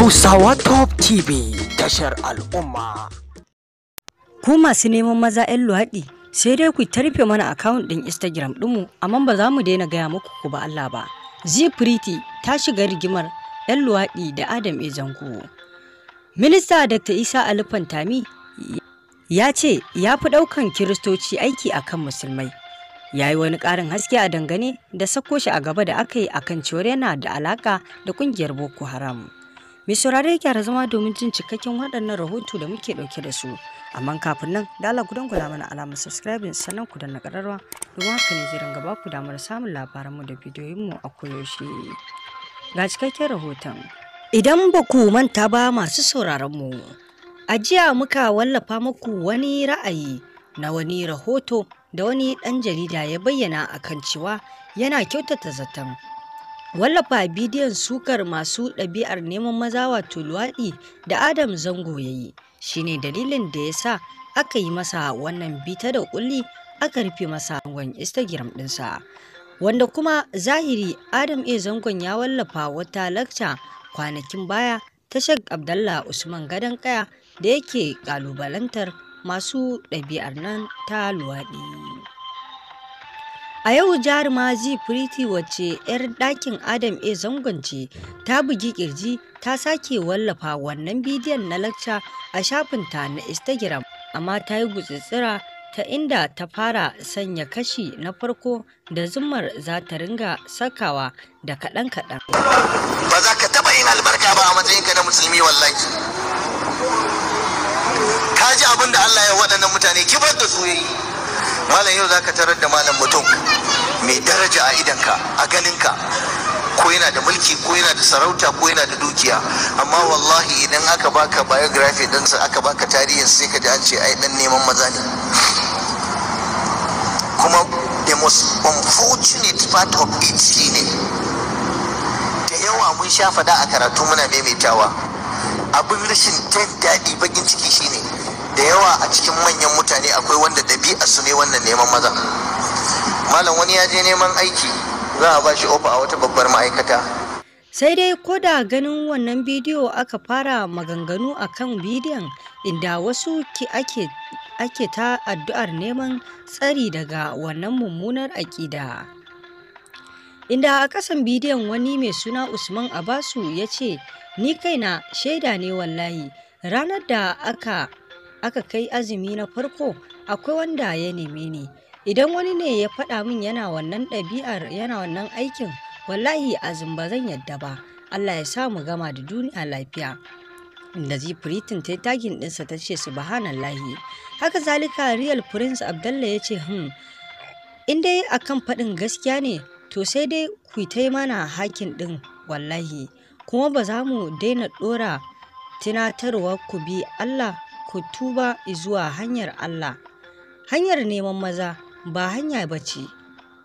Hausawa Top TV tashar al'umma. Ku masu neman maza 'yan luwaɗi sai dai ku tarfe mana akawun ɗin Instagram ɗinmu amma ba za mu daina gaya muku ku ba Allah ba. Zifriti ta shiga rigimar 'yan luwaɗi da Adam Ezanku. Minista Dr. Isa Ali Fantami ya ce ya fi ɗaukan Kiristoci aiki akan Musulmai. ya yi wani ƙarin haske a dangane da sako shi a gaba da aka yi akan cewa yana da alaƙa da ƙungiyar boko haram Mai saurare gyara zama domin jin cikakken waɗannan rahoto da muke ɗauke da su. Amma kafin nan, dala ku gula mana alamar subscribing sannan ku danna ƙararwa domin haka ne zirin gaba ku damar samun labaran mu da bidiyoyinmu a koyaushe. Ga cikakken rahoton. Idan ba ku manta ba masu sauraronmu, a jiya muka wallafa muku wani ra'ayi na wani rahoto da wani ɗan jarida ya bayyana akan cewa yana kyautata zaton wallafa bidiyon sukar masu ɗabi'ar neman maza wato luwaɗi da adam zango ya yi shine dalilin da ya sa aka yi masa wannan bita da ƙulli aka rufe masa angon instagram ɗinsa wanda kuma zahiri adam a zangon ya wallafa wata lakca kwanakin baya ta shek abdallah usman gadon kaya da yake ƙalubalantar masu ɗabi'ar nan ta luwaɗi A yau jaruma Mazi Pretty wacce 'yar ɗakin Adam A zangon ta bugi ƙirji ta sake wallafa wannan bidiyon na lakca a shafinta na Instagram amma ta yi gutsitsira ta inda ta fara sanya kashi na farko da zumar za ta ringa sakawa da kaɗan-kaɗan. Ba za ka taɓa yin albarka ba a matsayinka na musulmi wallahi. Ka ji abin da Allah ya waɗannan mutane kibar da su yayi. malam yau zaka tarar da malam mutum mai daraja a idanka a ganinka ko yana da mulki ko yana da sarauta ko yana da dukiya amma wallahi idan aka baka biography sa aka baka tarihin sai ka ji an ce ai dan neman maza ne kuma the most unfortunate part of it shine da yawa mun sha fada a karatu muna maimaitawa abin rashin jin daɗi bakin ciki shine da yawa a cikin manyan mutane akwai wanda ɗabi'a su ne wannan neman maza malam wani ya je neman aiki za a ba shi ofa a wata babbar ma'aikata sai dai ko da ganin wannan bidiyo aka fara maganganu a kan bidiyon inda wasu ki ake ake ta addu'ar neman tsari daga wannan mummunar aƙida inda a ƙasan bidiyon wani mai suna usman abasu ya ce ni kaina shaida ne wallahi ranar da aka aka kai azumi na farko akwai wanda ya neme ni idan wani ne ya faɗa min yana wannan ɗabi'ar yana wannan aikin wallahi azum ba zan yadda ba Allah ya sa mu gama da duniya lafiya da furitin ta yi tagin ɗinsa ta ce lahi. haka zalika real prince abdalla ya ce hmm in dai akan faɗin gaskiya ne to sai dai ku ta mana hakin ɗin wallahi kuma ba za mu daina ɗora tunatarwa ku bi Allah ku tuba zuwa hanyar Allah. Hanyar neman maza ba hanya ba ce.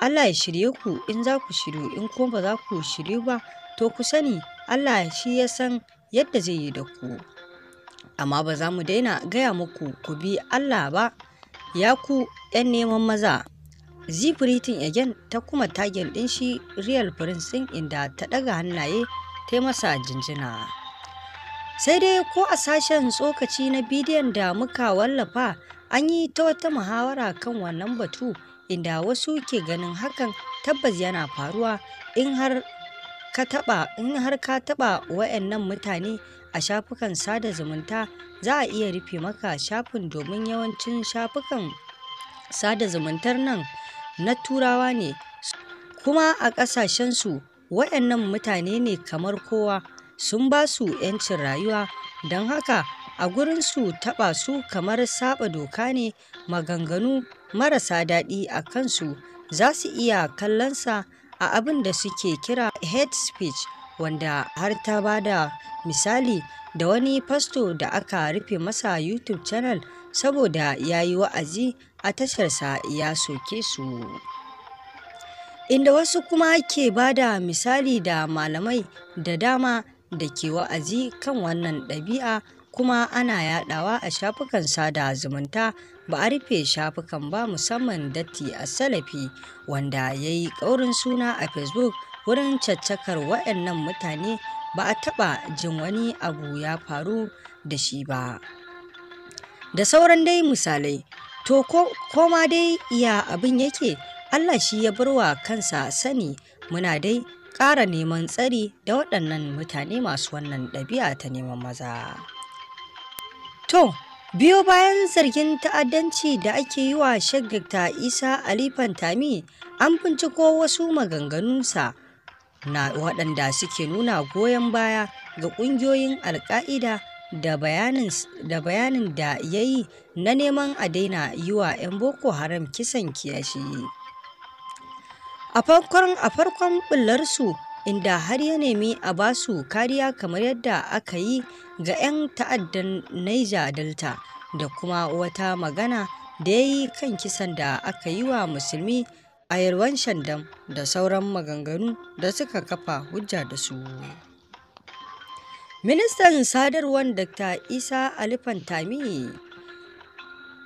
Allah ya shirye ku in za ku shiru in kuma ba za ku shiru ba to ku sani Allah shi ya san yadda zai yi da ku. Amma ba za mu daina gaya muku ku bi Allah ba ya ku 'yan neman maza. Zifiritin Egen ta kuma tagin ɗin shi Real Prince ɗin inda ta ɗaga hannaye ta masa jinjina. sai dai ko a sashen tsokaci na bidiyon da muka wallafa an yi ta wata muhawara kan wannan batu inda wasu ke ganin hakan tabbas yana faruwa in har ka taba in har ka taba wayannan mutane a shafukan sada zumunta za a iya rufe maka shafin domin yawancin shafukan sada zumuntar nan na turawa ne kuma a ƙasashensu wayannan mutane ne kamar kowa sun ba su 'yancin rayuwa don haka a su taɓa su kamar saba doka ne maganganu marasa daɗi a kansu za su iya kallonsa a abin da suke kira hate speech wanda har ta ba da misali da wani fasto da aka rufe masa youtube channel saboda ya yi wa'azi a tasharsa ya soke su inda wasu kuma ke ba da misali da malamai da dama da ke wa'azi kan wannan ɗabi'a kuma ana yaɗawa a shafukan sada zumunta ba a rufe shafukan ba musamman datti a salafi wanda ya yi ƙaurin suna a facebook wurin caccakar waɗannan mutane ba a taɓa jin wani abu ya faru da shi ba da sauran dai misalai to koma dai iya abin yake allah shi ya bar wa kansa sani muna dai ƙara neman tsari da waɗannan mutane masu wannan ɗabi'a ta neman maza. To, biyo bayan zargin ta'addanci da ake yi wa Isa Alifan Tami an binciko wasu maganganunsa na waɗanda suke nuna goyon baya ga ƙungiyoyin alka'ida da bayanin da ya yi na neman a daina yi wa 'yan boko haram kisan kiyashi. a farkon a farkon bullarsu inda har ya nemi a ba su kariya kamar yadda aka yi ga 'yan ta'addan Niger Delta da kuma wata magana da ya yi kan kisan da aka yi wa musulmi a yarwan shandam da sauran maganganu da suka kafa hujja da su. Ministan sadarwar Dr. Isa Alifantami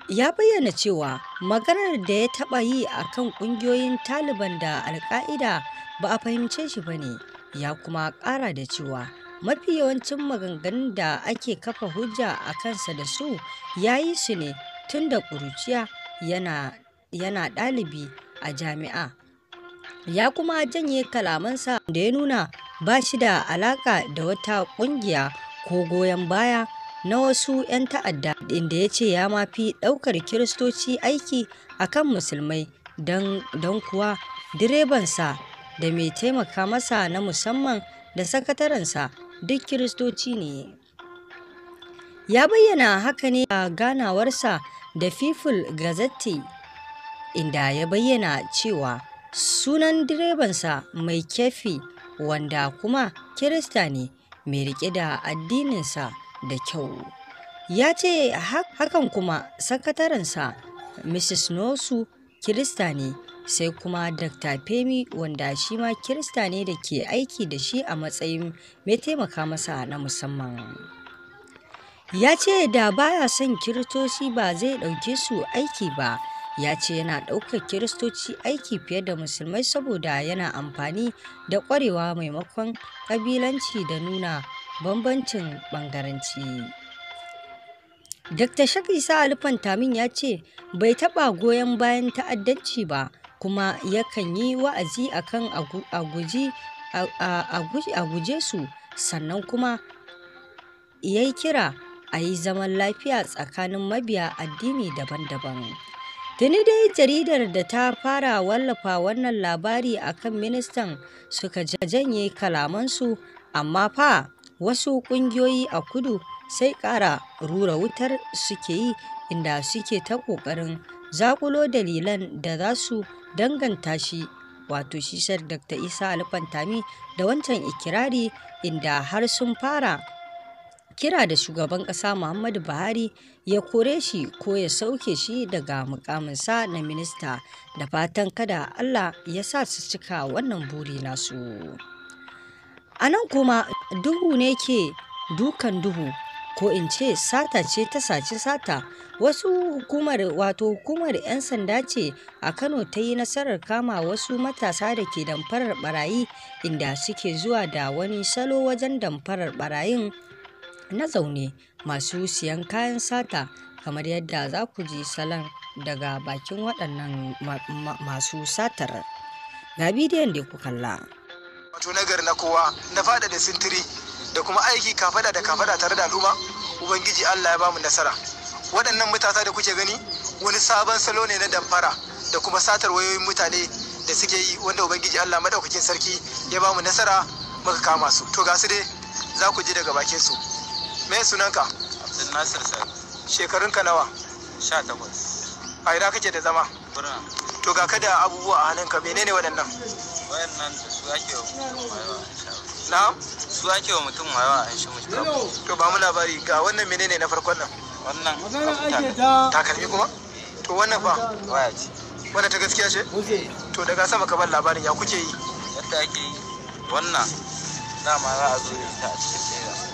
ya bayyana cewa maganar da ya taɓa yi a kan ƙungiyoyin taliban da alka'ida ba a fahimce shi ba ne ya kuma ƙara da cewa mafi yawancin maganganun da ake kafa hujja a kansa da su ya yi su ne tun da ƙuruciya yana ɗalibi a jami'a ya kuma janye kalamansa da ya nuna ba shi da alaƙa da wata ƙungiya ko goyon baya na wasu 'yan ta'adda inda ya ce ya mafi ɗaukar kiristoci aiki a kan musulmai don kuwa direbansa da mai taimaka masa na musamman da sakatarensa duk kiristoci ne ya bayyana haka ne a ganawarsa da fifil gazette inda ya bayyana cewa sunan direbansa mai kefi wanda kuma kirista ne mai rike da addininsa da kyau ya ce hakan kuma sakatarensa mrs nosu kirista ne sai kuma dr femi wanda shi ma kirista ne da ke aiki da shi a matsayin mai taimaka masa na musamman ya ce da baya son kiristoci ba zai ɗauke su aiki ba ya ce yana ɗaukar kiristoci aiki fiye da musulmai saboda yana amfani da ƙwarewa maimakon ƙabilanci da nuna bambancin bangaranci dr shak isa Tamin ya ce bai taɓa goyon bayan ta'addanci ba kuma yakan yi wa'azi akan a guje su sannan kuma ya yi kira a yi zaman lafiya tsakanin mabiya addini daban-daban tuni dai jaridar da ta fara wallafa wannan labari akan ministan suka janye kalamansu amma fa wasu ƙungiyoyi a kudu sai ƙara rura wutar suke yi inda suke ta ƙoƙarin zaƙulo dalilan da za su danganta shi wato shisar dr isa alfantami da wancan ikirari inda har sun fara kira da shugaban ƙasa muhammadu buhari ya kore shi ko ya sauke shi daga mukaminsa na minista da fatan kada allah ya sa su cika wannan buri nasu. A nan kuma duhu ne ke dukan duhu ko in ce sata ce ta saci sata wasu hukumar wato hukumar 'yan sanda ce a kano ta yi nasarar kama wasu matasa da ke damfarar barayi inda suke zuwa da wani salo wajen damfarar barayin na zaune masu siyan kayan sata kamar yadda za ku ji salon daga bakin waɗannan masu satar ga bidiyon da ku kalla. wato nagari na kowa na fada da sintiri da kuma aiki kafada da kafada tare da al'umma ubangiji allah ya bamu nasara waɗannan matasa da kuke gani wani sabon salo ne na damfara da kuma satar wayoyin mutane da suke yi wanda ubangiji allah maɗaukakin sarki ya bamu nasara muka kama su to ga su dai za ku ji daga bakin su me sunanka abdul nasir shekarunka nawa takwas a ina kake da zama to ga kada abubuwa a hannunka menene waɗannan waɗannan su ake wa mutum wayewa na'am su ake wa mutum wayewa an shi mutum to ba mu labari ga wannan menene na farkon nan wannan ta takalmi kuma to wannan fa waya ce wannan ta gaskiya ce to daga sama ka bar labarin ya kuke yi yadda ake yi wannan dama za a zo da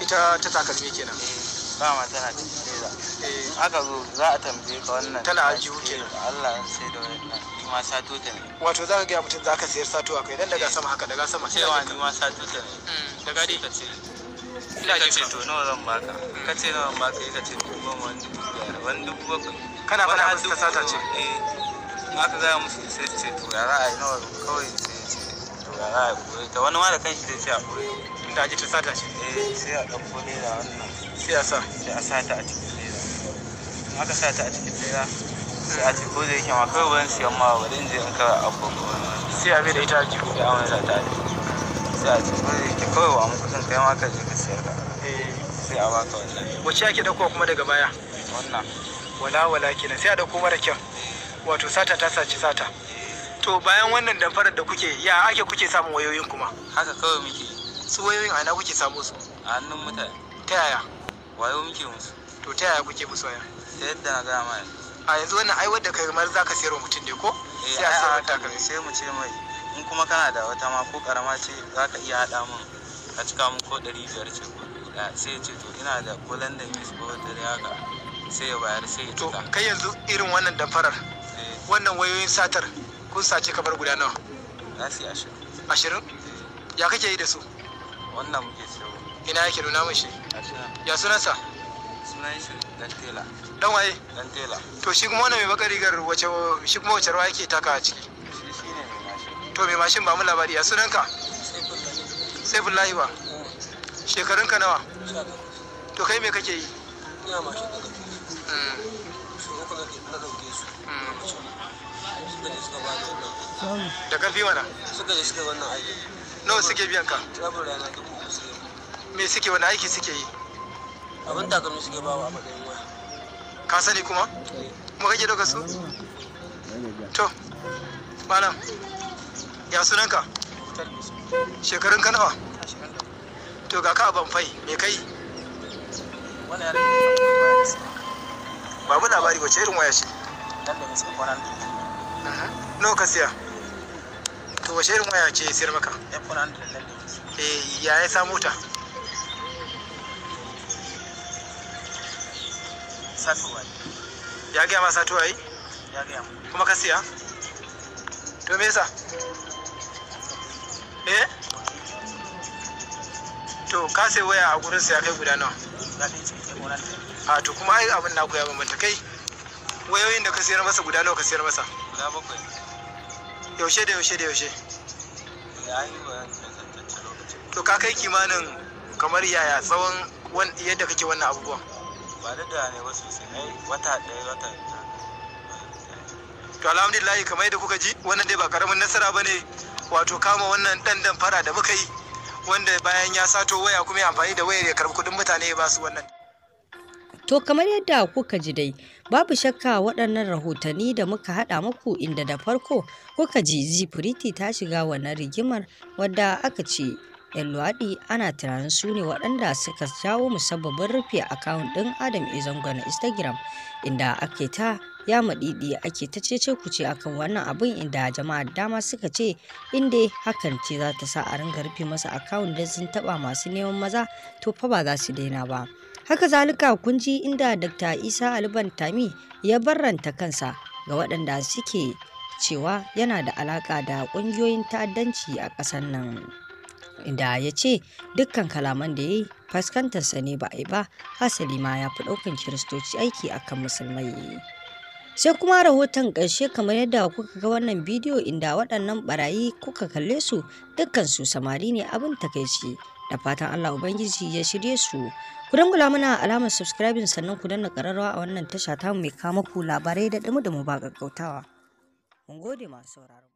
ita a cikin leda ita ta takalmi kenan eh, dama tana cikin leda eh. aka zo za a tambaye ka wannan tana aljihu kenan eh, Allah sai da wannan ma sato ta ne wato za ka gaya mutum za ka sayar sato akwai. idan daga sama haka daga sama cewa ni ma sato ta ne mm, daga dai ka ce ina ce to nawa zan baka ka ce nawa zan baka ka ce dubu goma wani dubu biyar wani dubu baka kana fara musu ka sata ce eh ka gaya musu sai ce to ya yi nawa kawai sai ce to ya ra'ayi kure ta wani ma da kanshi zai ce a kure inda ce ta sata ce eh sai a ɗauko da wannan sai a sa sai a sata a cikin naira aka sata a cikin naira sai a ce ko da yake ma kawai ban siyan ma bari in je in kawai abu sai a bai da ita ji kuɗi a wani zata ne sai a ce ko da yake kawai wa mu kusan kai ma ka je ka siyar ka sai a baka wannan wacce ake ɗaukowa kuma daga baya wannan wala wala kenan sai a ɗauko mara kyan wato sata ta saci sata to bayan wannan damfarar da kuke ya ake kuke samun wayoyin kuma haka kawai muke su wayoyin a ina kuke samu su a hannun mutane ta yaya wayo muke musu to ta yaya kuke musu waya ta yadda na gaya ma yanzu a yanzu wannan ai wadda kai mar zaka sayar wa mutum ne ko eh, sai a sayar da kai sai mu ce mai in kuma kana da wata ma ko karama ce zaka iya hada mun ka cika mun ko 500 ce ko da sai ce to ina da ko London Miss ko wata da haka sai ya bayar sai ya to kai yanzu irin wannan damfarar eh. wannan wayoyin satar kun sace kamar guda nawa za ashirin ashirin eh. ya kake yi da su wannan muke siyo ina yake nuna mun shi ya sunansa sunan shi dan tela dan waye dan tela to shi kuma wannan mai baka rigar wace shi kuma wace rawa yake taka a ciki to mai mashin ba mu labari a sunanka saifullahi ba mm. shekarun ka nawa to kai me kake yi ina mashin da kake mm. mm. da kafi mana suka je suka wannan aiki nawa suke biyan ka me suke wani aiki suke yi abin takalmi suke bawa a matsayin ka sani kuma mu kake daga su to malam ya sunanka shekarun ka nawa to ga ka ban fai me kai babu labari wace irin waya ce dan da nisa kwanan no ka siya to wace irin waya ce siyar maka eh ya ya samu ta satowa ya gaya ma satowa yi ya gaya ma kuma ka siya to me yasa eh to ka sai waya a gurin ya kai guda nawa a to kuma ai abin naku ya bambanta kai wayoyin da ka siyar masa guda nawa ka siyar masa guda bakwai yaushe da yaushe da yaushe eh, to ka kai kimanin kamar yaya tsawon yadda kake wannan abubuwan ba da da ne wasu wata ɗaya wata to alhamdulillah kamar yadda kuka ji wannan dai ba karamin nasara ba ne wato kama wannan dandan fara da muka yi wanda bayan ya sato waya kuma ya amfani da wayar ya karbi kudin mutane ba su wannan To kamar yadda kuka ji dai, babu shakka waɗannan rahotanni da muka haɗa muku inda da farko kuka ji zifiriti ta shiga wannan rigimar wadda aka ce 'yan luwaɗi ana tunanin su ne waɗanda suka jawo musabbabin rufe akawun ɗin adam izango na instagram inda ake ta ya maɗiɗi ake ta cece kuce akan wannan abun inda jama'a dama suka ce inda hakan ce za ta sa a ringa rufe masa akawun da sun taɓa masu neman maza to fa ba za su daina ba haka zalika kun ji inda dr isa alban tami ya barranta kansa ga waɗanda suke cewa yana da alaƙa da ƙungiyoyin ta'addanci a ƙasar nan. inda ya ce dukkan kalaman da ya yi fuskantarsa ne ba a yi ba hasali ma ya fi ɗaukan kiristoci aiki a kan musulmai sai kuma rahoton ƙarshe kamar yadda kuka ga wannan bidiyo inda waɗannan barayi kuka kalle su dukkan su samari ne abin takaici da fatan allah ubangiji ya shirye su ku dangula mana alamar subscribing sannan ku danna ƙararrawa a wannan tasha ta mai kama ku labarai da dumu da mu ba gaggautawa mun gode masu sauraro